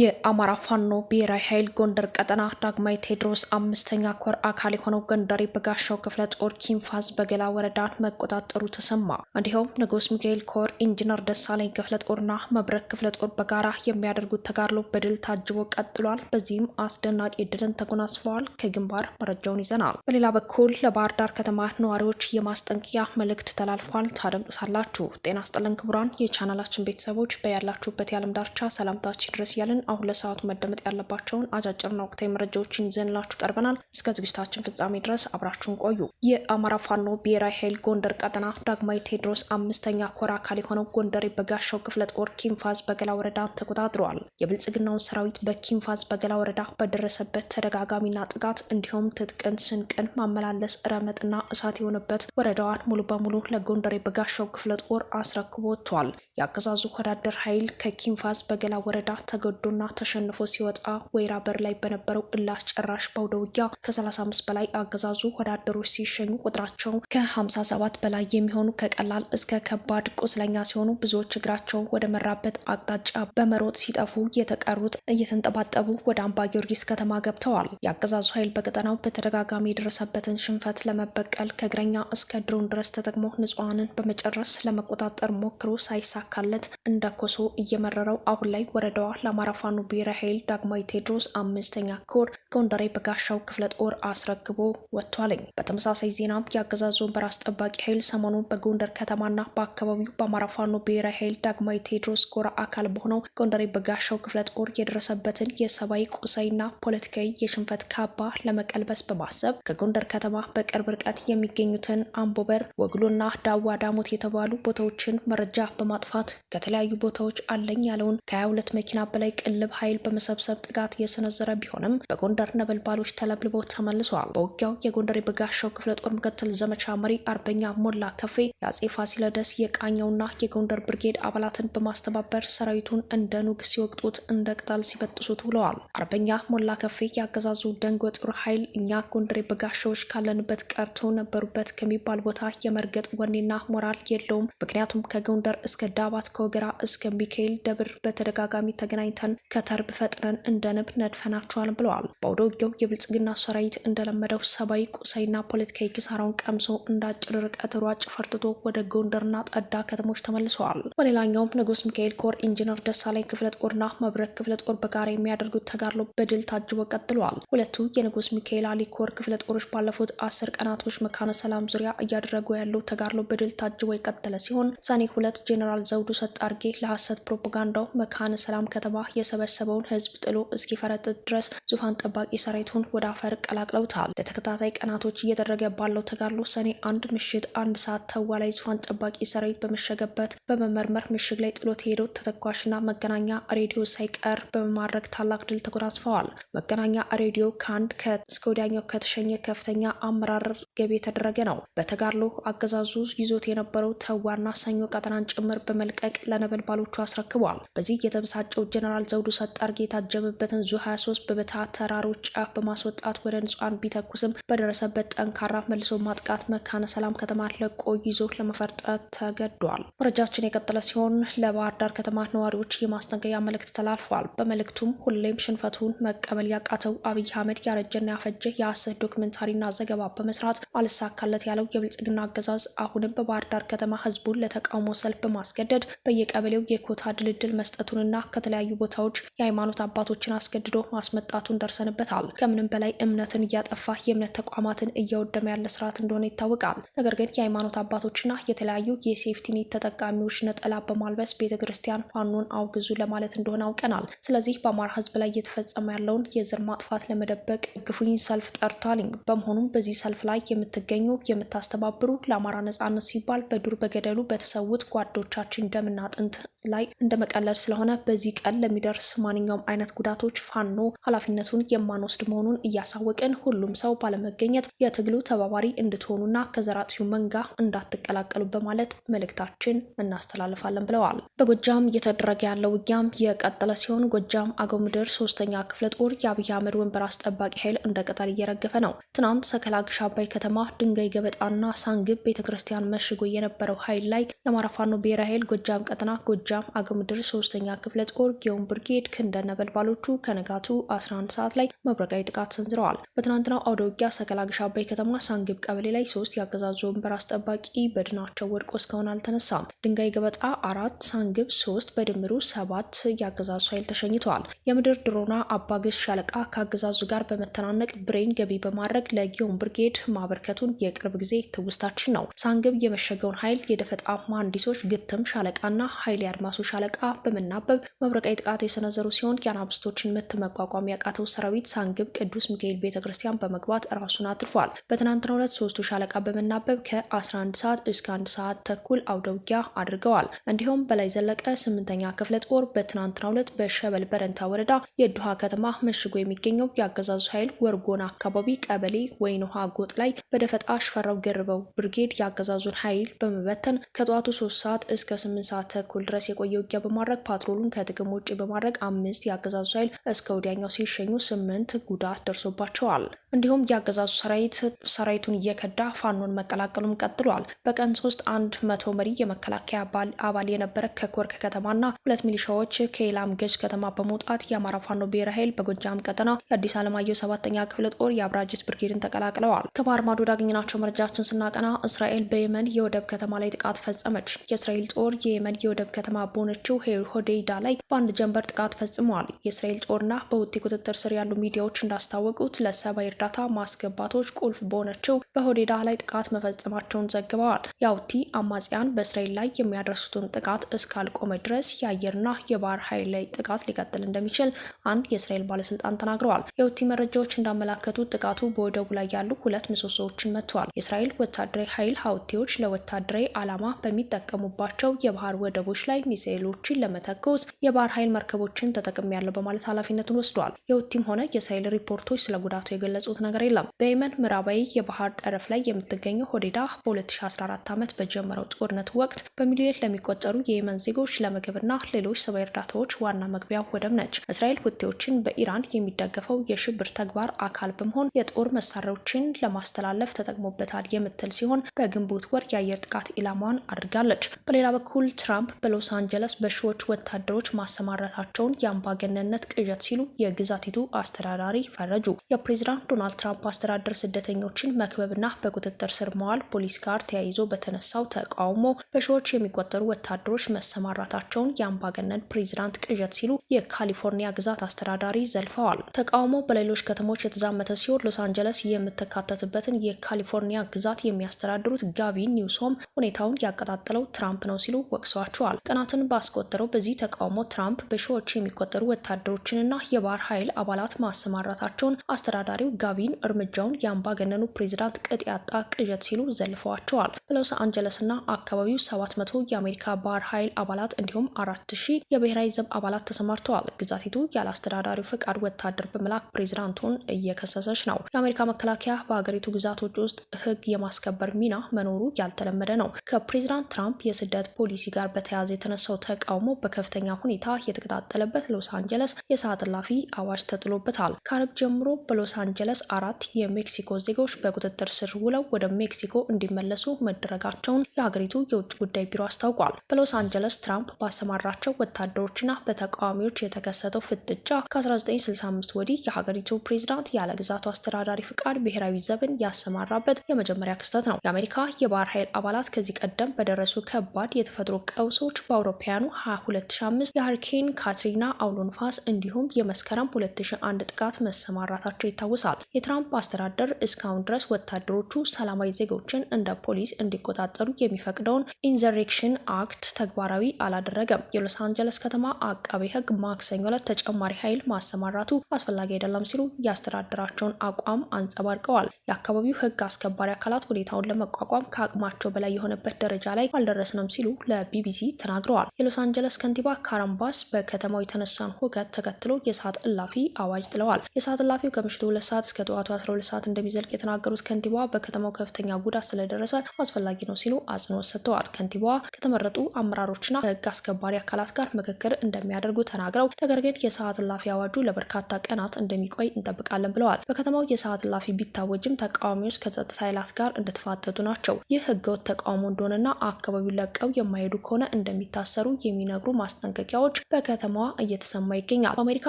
የአማራ ፋኖ ብሔራዊ ኃይል ጎንደር ቀጠና ዳግማዊ ቴዎድሮስ አምስተኛ ኮር አካል የሆነው ጎንደሪ በጋሻው ክፍለ ጦር ኪንፋዝ በገላ ወረዳን መቆጣጠሩ ተሰማ። እንዲሁም ንጉስ ሚካኤል ኮር ኢንጂነር ደሳለኝ ክፍለ ጦርና መብረክ ክፍለ ጦር በጋራ የሚያደርጉት ተጋድሎ በድል ታጅቦ ቀጥሏል። በዚህም አስደናቂ ድልን ተጎናስፈዋል። ከግንባር መረጃውን ይዘናል። በሌላ በኩል ለባህር ዳር ከተማ ነዋሪዎች የማስጠንቀቂያ መልእክት ተላልፏል። ታደምጡታላችሁ። ጤና ይስጥልን ክቡራን የቻናላችን ቤተሰቦች በያላችሁበት የዓለም ዳርቻ ሰላምታችን ድረስ እያለን አሁን ለሰዓቱ መደመጥ ያለባቸውን አጫጭርና ወቅታዊ መረጃዎችን ይዘንላችሁ ቀርበናል። እስከ ዝግጅታችን ፍጻሜ ድረስ አብራችሁን ቆዩ። የአማራ ፋኖ ብሔራዊ ኃይል ጎንደር ቀጠና ዳግማዊ ቴዎድሮስ አምስተኛ ኮር አካል የሆነው ጎንደር የበጋሻው ክፍለ ጦር ኪንፋዝ በገላ ወረዳ ተቆጣጥረዋል። የብልጽግናውን ሰራዊት በኪንፋዝ በገላ ወረዳ በደረሰበት ተደጋጋሚና ጥቃት እንዲሁም ትጥቅን ስንቅን ማመላለስ ረመጥና እሳት የሆነበት ወረዳዋን ሙሉ በሙሉ ለጎንደር የበጋሻው ክፍለ ጦር አስረክቦ ወጥቷል። የአገዛዙ ወዳደር ኃይል ከኪንፋዝ በገላ ወረዳ ተገዶ ተገድሎና ተሸንፎ ሲወጣ ወይራ በር ላይ በነበረው እላሽ ጭራሽ በአውደ ውጊያ ከ35 በላይ አገዛዙ ወዳደሮች ሲሸኙ ቁጥራቸው ከ57 በላይ የሚሆኑ ከቀላል እስከ ከባድ ቁስለኛ ሲሆኑ ብዙዎች እግራቸው ወደ መራበት አቅጣጫ በመሮጥ ሲጠፉ የተቀሩት እየተንጠባጠቡ ወደ አምባ ጊዮርጊስ ከተማ ገብተዋል። የአገዛዙ ኃይል በቀጠናው በተደጋጋሚ የደረሰበትን ሽንፈት ለመበቀል ከእግረኛ እስከ ድሮን ድረስ ተጠቅሞ ንጹሐንን በመጨረስ ለመቆጣጠር ሞክሮ ሳይሳካለት እንደ ኮሶ እየመረረው አሁን ላይ ወረዳዋ ለአማራ ፋኖ ብሔራዊ ኃይል ዳግማዊ ቴዎድሮስ አምስተኛ ኮር ጎንደሬ በጋሻው ክፍለ ጦር አስረክቦ ወጥቷለኝ። በተመሳሳይ ዜናም የአገዛዙን በራስ ጠባቂ ኃይል ሰሞኑን በጎንደር ከተማና በአካባቢው በአማራ ፋኖ ብሔራዊ ኃይል ዳግማዊ ቴዎድሮስ ጎራ አካል በሆነው ጎንደሬ በጋሻው ክፍለ ጦር የደረሰበትን የሰብአዊ ቁሳዊና ፖለቲካዊ የሽንፈት ካባ ለመቀልበስ በማሰብ ከጎንደር ከተማ በቅርብ ርቀት የሚገኙትን አምቦበር፣ ወግሎና ዳዋ ዳሞት የተባሉ ቦታዎችን መረጃ በማጥፋት ከተለያዩ ቦታዎች አለኝ ያለውን ከ22 መኪና በላይ የቅልብ ኃይል በመሰብሰብ ጥቃት እየሰነዘረ ቢሆንም በጎንደር ነበልባሎች ተለብልበው ተመልሰዋል። በውጊያው የጎንደር የበጋሻው ክፍለ ጦር ምክትል ዘመቻ መሪ አርበኛ ሞላ ከፌ የአጼ ፋሲለደስ የቃኘውና የጎንደር ብርጌድ አባላትን በማስተባበር ሰራዊቱን እንደ ኑግ ሲወቅጡት እንደ ቅጠል ሲበጥሱት ውለዋል። አርበኛ ሞላ ከፌ ያገዛዙ ደንጎ ጦር ኃይል እኛ ጎንደር የበጋሻዎች ካለንበት ቀርቶ ነበሩበት ከሚባል ቦታ የመርገጥ ወኔና ሞራል የለውም። ምክንያቱም ከጎንደር እስከ ዳባት ከወገራ እስከ ሚካኤል ደብር በተደጋጋሚ ተገናኝተን ከተርብ ፈጥረን እንደ ንብ ነድፈናቸዋል ብለዋል። በአውደ ውጊያው የብልጽግና ሰራዊት እንደለመደው ሰብአዊ፣ ቁሳዊና ፖለቲካዊ ኪሳራውን ቀምሶ እንደ አጭር ርቀት ሯጭ ፈርጥቶ ወደ ጎንደርና ጠዳ ከተሞች ተመልሰዋል። በሌላኛውም ንጉስ ሚካኤል ኮር ኢንጂነር ደሳላይ ክፍለ ጦርና መብረክ ክፍለ ጦር በጋራ የሚያደርጉት ተጋድሎ በድል ታጅቦ ቀጥለዋል። ሁለቱ የንጉስ ሚካኤል አሊ ኮር ክፍለ ጦሮች ባለፉት አስር ቀናቶች መካነ ሰላም ዙሪያ እያደረጉ ያለው ተጋድሎ በድል ታጅቦ የቀጠለ ሲሆን ሰኔ ሁለት ጄኔራል ዘውዱ ሰጥ አርጌ ለሐሰት ፕሮፓጋንዳው መካነ ሰላም ከተማ የሰበሰበውን ህዝብ ጥሎ እስኪፈረጥጥ ድረስ ዙፋን ጠባቂ ሰራዊቱን ወደ አፈር ቀላቅለውታል። ለተከታታይ ቀናቶች እየደረገ ባለው ተጋድሎ ሰኔ አንድ ምሽት አንድ ሰዓት ተዋ ላይ ዙፋን ጠባቂ ሰራዊት በመሸገበት በመመርመር ምሽግ ላይ ጥሎት ተሄዶ ተተኳሽና መገናኛ ሬዲዮ ሳይቀር በመማድረግ ታላቅ ድል ተጎናጽፈዋል። መገናኛ ሬዲዮ ከአንድ እስከ ወዲያኛው ከተሸኘ ከፍተኛ አመራር ገቢ የተደረገ ነው። በተጋድሎ አገዛዙ ይዞት የነበረው ተዋና ሰኞ ቀጠናን ጭምር በመልቀቅ ለነበልባሎቹ አስረክቧል። በዚህ የተበሳጨው ጀነራል ዘውዱ ሳጣርጌ የታጀበበትን ዙ 23 በበታ ተራሮች ጫፍ በማስወጣት ወደ ንጹሐን ቢተኩስም በደረሰበት ጠንካራ መልሶ ማጥቃት መካነ ሰላም ከተማ ለቆ ይዞ ለመፈርጠት ተገዷል። መረጃችን የቀጠለ ሲሆን ለባህር ዳር ከተማ ነዋሪዎች የማስጠንቀቂያ መልእክት ተላልፏል። በመልእክቱም ሁሌም ሽንፈቱን መቀበል ያቃተው አብይ አህመድ ያረጀና ያፈጀ የአስህ ዶክመንታሪና ዘገባ በመስራት አልሳካለት ያለው የብልጽግና አገዛዝ አሁንም በባህር ዳር ከተማ ህዝቡን ለተቃውሞ ሰልፍ በማስገደድ በየቀበሌው የኮታ ድልድል መስጠቱንና ከተለያዩ ቦታዎች ሁኔታዎች የሃይማኖት አባቶችን አስገድዶ ማስመጣቱን ደርሰንበታል። ከምንም በላይ እምነትን እያጠፋ የእምነት ተቋማትን እያወደመ ያለ ስርዓት እንደሆነ ይታወቃል። ነገር ግን የሃይማኖት አባቶችና የተለያዩ የሴፍቲኔት ተጠቃሚዎች ነጠላ በማልበስ ቤተ ክርስቲያን ፋኖን አውግዙ ለማለት እንደሆነ አውቀናል። ስለዚህ በአማራ ህዝብ ላይ እየተፈጸመ ያለውን የዘር ማጥፋት ለመደበቅ ግፉኝ ሰልፍ ጠርቷል። በመሆኑም በዚህ ሰልፍ ላይ የምትገኙ የምታስተባብሩ ለአማራ ነጻነት ሲባል በዱር በገደሉ በተሰዉት ጓዶቻችን ደምና አጥንት ላይ እንደመቀለድ ስለሆነ በዚህ ቀን ለሚደ ለሚደርስ ማንኛውም አይነት ጉዳቶች ፋኖ ኃላፊነቱን የማንወስድ መሆኑን እያሳወቅን ሁሉም ሰው ባለመገኘት የትግሉ ተባባሪ እንድትሆኑና ከዘራጺው መንጋ እንዳትቀላቀሉ በማለት መልእክታችን እናስተላልፋለን ብለዋል። በጎጃም እየተደረገ ያለው ውጊያም የቀጠለ ሲሆን ጎጃም አገው ምድር ሶስተኛ ክፍለ ጦር የአብይ አህመድ ወንበር አስጠባቂ ኃይል እንደ ቅጠል እየረገፈ ነው። ትናንት ሰከላ ግሽ አባይ ከተማ ድንጋይ ገበጣና ሳንግብ ቤተ ክርስቲያን መሽጎ የነበረው ኃይል ላይ የአማራ ፋኖ ብሔራዊ ኃይል ጎጃም ቀጠና ጎጃም አገው ምድር ሶስተኛ ክፍለ ጦር ጊዮን ብርጌድ ክንደ ነበልባሎቹ ከንጋቱ 11 ሰዓት ላይ መብረቃዊ ጥቃት ሰንዝረዋል። በትናንትናው አውደ ውጊያ ሰከላ ገሻ አባይ ከተማ ሳንግብ ቀበሌ ላይ ሶስት የአገዛዙ ወንበር አስጠባቂ በድናቸው ወድቆ እስካሁን አልተነሳም። ድንጋይ ገበጣ አራት፣ ሳንግብ ሶስት፣ በድምሩ ሰባት የአገዛዙ ኃይል ተሸኝተዋል። የምድር ድሮና አባግስ ሻለቃ ከአገዛዙ ጋር በመተናነቅ ብሬን ገቢ በማድረግ ለጊዮን ብርጌድ ማበርከቱን የቅርብ ጊዜ ትውስታችን ነው። ሳንግብ የመሸገውን ኃይል የደፈጣ ማንዲሶች ግትም ሻለቃና ኃይሌ አድማሱ ሻለቃ በመናበብ መብረቃዊ ጥቃት የሰነዘሩ ሲሆን የአናብስቶችን ምት መቋቋም ያቃተው ሰራዊት ሳንግብ ቅዱስ ሚካኤል ቤተ ክርስቲያን በመግባት ራሱን አትርፏል። በትናንትናው ዕለት ሶስቱ ሻለቃ በመናበብ ከ11 ሰዓት እስከ 1 ሰዓት ተኩል አውደውጊያ አድርገዋል። እንዲሁም በላይ ዘለቀ ስምንተኛ ክፍለ ጦር በትናንትናው ዕለት በሸበል በረንታ ወረዳ የዱሃ ከተማ መሽጎ የሚገኘው የአገዛዙ ኃይል ወርጎና አካባቢ ቀበሌ ወይን ውሃ ጎጥ ላይ በደፈጣ ሽፈራው ገርበው ብርጌድ የአገዛዙን ኃይል በመበተን ከጠዋቱ ሶስት ሰዓት እስከ ስምንት ሰዓት ተኩል ድረስ የቆየ ውጊያ በማድረግ ፓትሮሉን ከጥቅም ውጭ በማድረግ በማድረግ አምስት የአገዛዙ ኃይል እስከ ወዲያኛው ሲሸኙ ስምንት ጉዳት ደርሶባቸዋል። እንዲሁም የአገዛዙ ሰራዊት ሰራዊቱን እየከዳ ፋኖን መቀላቀሉም ቀጥሏል። በቀን ሶስት አንድ መቶ መሪ የመከላከያ አባል የነበረ ከኮርክ ከተማና ሁለት ሚሊሻዎች ከኤላም ገዥ ከተማ በመውጣት የአማራ ፋኖ ብሔራዊ ኃይል በጎጃም ቀጠና የአዲስ አለማየሁ ሰባተኛ ክፍለ ጦር የአብራጅስ ብርጌድን ተቀላቅለዋል። ከባህር ማዶ ያገኘናቸው መረጃችን ስናቀና እስራኤል በየመን የወደብ ከተማ ላይ ጥቃት ፈጸመች። የእስራኤል ጦር የየመን የወደብ ከተማ በሆነችው ሆዴይዳ ላይ በአንድ ጀንበር ጥቃት ፈጽመዋል። የእስራኤል ጦርና በሁቲ ቁጥጥር ስር ያሉ ሚዲያዎች እንዳስታወቁት ለሰብአዊ እርዳታ ማስገባቶች ቁልፍ በሆነችው በሆዴዳ ላይ ጥቃት መፈጸማቸውን ዘግበዋል። የሁቲ አማጽያን በእስራኤል ላይ የሚያደርሱትን ጥቃት እስካልቆመ ድረስ የአየርና የባህር ኃይል ላይ ጥቃት ሊቀጥል እንደሚችል አንድ የእስራኤል ባለስልጣን ተናግረዋል። የሁቲ መረጃዎች እንዳመላከቱት ጥቃቱ በወደቡ ላይ ያሉ ሁለት ምሰሶዎችን መትቷል። የእስራኤል ወታደራዊ ኃይል ሀውቲዎች ለወታደራዊ ዓላማ በሚጠቀሙባቸው የባህር ወደቦች ላይ ሚሳኤሎችን ለመተኮስ የባህር ኃይል መርከ መርከቦችን ተጠቅም ያለው በማለት ኃላፊነቱን ወስደዋል። የውቲም ሆነ የእስራኤል ሪፖርቶች ስለ ጉዳቱ የገለጹት ነገር የለም። በየመን ምዕራባዊ የባህር ጠረፍ ላይ የምትገኘው ሆዴዳ በ2014 ዓመት በጀመረው ጦርነት ወቅት በሚሊዮን ለሚቆጠሩ የየመን ዜጎች ለምግብና ሌሎች ሰብዓዊ እርዳታዎች ዋና መግቢያ ወደብ ነች። እስራኤል ሁቲዎችን በኢራን የሚደገፈው የሽብር ተግባር አካል በመሆን የጦር መሳሪያዎችን ለማስተላለፍ ተጠቅሞበታል የምትል ሲሆን በግንቦት ወር የአየር ጥቃት ኢላማዋን አድርጋለች። በሌላ በኩል ትራምፕ በሎስ አንጀለስ በሺዎች ወታደሮች ማሰማራታቸው መምራታቸውን የአምባገነንነት ቅዠት ሲሉ የግዛቲቱ አስተዳዳሪ ፈረጁ። የፕሬዚዳንት ዶናልድ ትራምፕ አስተዳደር ስደተኞችን መክበብና በቁጥጥር ስር መዋል ፖሊስ ጋር ተያይዞ በተነሳው ተቃውሞ በሺዎች የሚቆጠሩ ወታደሮች መሰማራታቸውን የአምባገነን ፕሬዚዳንት ቅዠት ሲሉ የካሊፎርኒያ ግዛት አስተዳዳሪ ዘልፈዋል። ተቃውሞ በሌሎች ከተሞች የተዛመተ ሲሆን ሎስ አንጀለስ የምትካተትበትን የካሊፎርኒያ ግዛት የሚያስተዳድሩት ጋቢ ኒውሶም ሁኔታውን ያቀጣጠለው ትራምፕ ነው ሲሉ ወቅሰዋቸዋል። ቀናትን ባስቆጠረው በዚህ ተቃውሞ ትራምፕ በሺ በሺዎች የሚቆጠሩ ወታደሮችንና የባህር ኃይል አባላት ማሰማራታቸውን አስተዳዳሪው ጋቢን እርምጃውን የአምባገነኑ ፕሬዚዳንት ቅጥ ያጣ ቅዠት ሲሉ ዘልፈዋቸዋል። በሎስ አንጀለስና አካባቢው 700 የአሜሪካ ባህር ኃይል አባላት እንዲሁም አራት የብሔራዊ ዘብ አባላት ተሰማርተዋል። ግዛቲቱ ያለ አስተዳዳሪው ፈቃድ ወታደር በመላክ ፕሬዚዳንቱን እየከሰሰች ነው። የአሜሪካ መከላከያ በሀገሪቱ ግዛቶች ውስጥ ሕግ የማስከበር ሚና መኖሩ ያልተለመደ ነው። ከፕሬዚዳንት ትራምፕ የስደት ፖሊሲ ጋር በተያያዘ የተነሳው ተቃውሞ በከፍተኛ ሁኔታ የተቀጣ በተቀጣጠለበት ሎስ አንጀለስ የሰዓት እላፊ አዋጅ ተጥሎበታል። ከአርብ ጀምሮ በሎስ አንጀለስ አራት የሜክሲኮ ዜጎች በቁጥጥር ስር ውለው ወደ ሜክሲኮ እንዲመለሱ መደረጋቸውን የሀገሪቱ የውጭ ጉዳይ ቢሮ አስታውቋል። በሎስ አንጀለስ ትራምፕ ባሰማራቸው ወታደሮችና በተቃዋሚዎች የተከሰተው ፍጥጫ ከ1965 ወዲህ የሀገሪቱ ፕሬዚዳንት ያለ ግዛቱ አስተዳዳሪ ፍቃድ ብሔራዊ ዘብን ያሰማራበት የመጀመሪያ ክስተት ነው። የአሜሪካ የባህር ኃይል አባላት ከዚህ ቀደም በደረሱ ከባድ የተፈጥሮ ቀውሶች በአውሮፓውያኑ 2005 የሃሪኬን ካ ካትሪና አውሎ ንፋስ እንዲሁም የመስከረም 2001 ጥቃት መሰማራታቸው ይታወሳል። የትራምፕ አስተዳደር እስካሁን ድረስ ወታደሮቹ ሰላማዊ ዜጎችን እንደ ፖሊስ እንዲቆጣጠሩ የሚፈቅደውን ኢንዘሬክሽን አክት ተግባራዊ አላደረገም። የሎስ አንጀለስ ከተማ አቃቤ ሕግ ማክሰኞ ዕለት ተጨማሪ ኃይል ማሰማራቱ አስፈላጊ አይደለም ሲሉ የአስተዳደራቸውን አቋም አንጸባርቀዋል። የአካባቢው ሕግ አስከባሪ አካላት ሁኔታውን ለመቋቋም ከአቅማቸው በላይ የሆነበት ደረጃ ላይ አልደረስንም ሲሉ ለቢቢሲ ተናግረዋል። የሎስ አንጀለስ ከንቲባ ካረምባስ በከተ ከተማው የተነሳን ሁከት ተከትሎ የሰዓት እላፊ አዋጅ ጥለዋል። የሰዓት እላፊው ከምሽቱ ሁለት ሰዓት እስከ ጠዋቱ 12 ሰዓት እንደሚዘልቅ የተናገሩት ከንቲባዋ በከተማው ከፍተኛ ጉዳት ስለደረሰ አስፈላጊ ነው ሲሉ አጽንኦት ሰጥተዋል። ከንቲባዋ ከተመረጡ አመራሮችና ከህግ አስከባሪ አካላት ጋር ምክክር እንደሚያደርጉ ተናግረው ነገር ግን የሰዓት እላፊ አዋጁ ለበርካታ ቀናት እንደሚቆይ እንጠብቃለን ብለዋል። በከተማው የሰዓት እላፊ ቢታወጅም ተቃዋሚዎች ከጸጥታ ኃይላት ጋር እንደተፋጠጡ ናቸው። ይህ ህገወጥ ተቃውሞ እንደሆነና አካባቢውን ለቀው የማይሄዱ ከሆነ እንደሚታሰሩ የሚነግሩ ማስጠንቀቂያዎች በከተማ ከተማዋ እየተሰማ ይገኛል። በአሜሪካ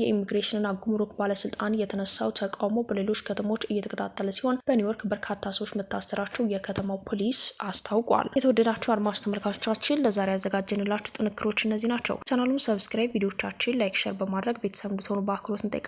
የኢሚግሬሽንና ጉምሩክ ባለስልጣን የተነሳው ተቃውሞ በሌሎች ከተሞች እየተቀጣጠለ ሲሆን በኒውዮርክ በርካታ ሰዎች መታሰራቸው የከተማው ፖሊስ አስታውቋል። የተወደዳቸው አድማጭ ተመልካቾቻችን ለዛሬ ያዘጋጀንላቸው ጥንክሮች እነዚህ ናቸው። ቻናሉን ሰብስክራይብ፣ ቪዲዮቻችን ላይክ፣ ሸር በማድረግ ቤተሰብ እንድትሆኑ በአክብሮት እንጠይቃለን።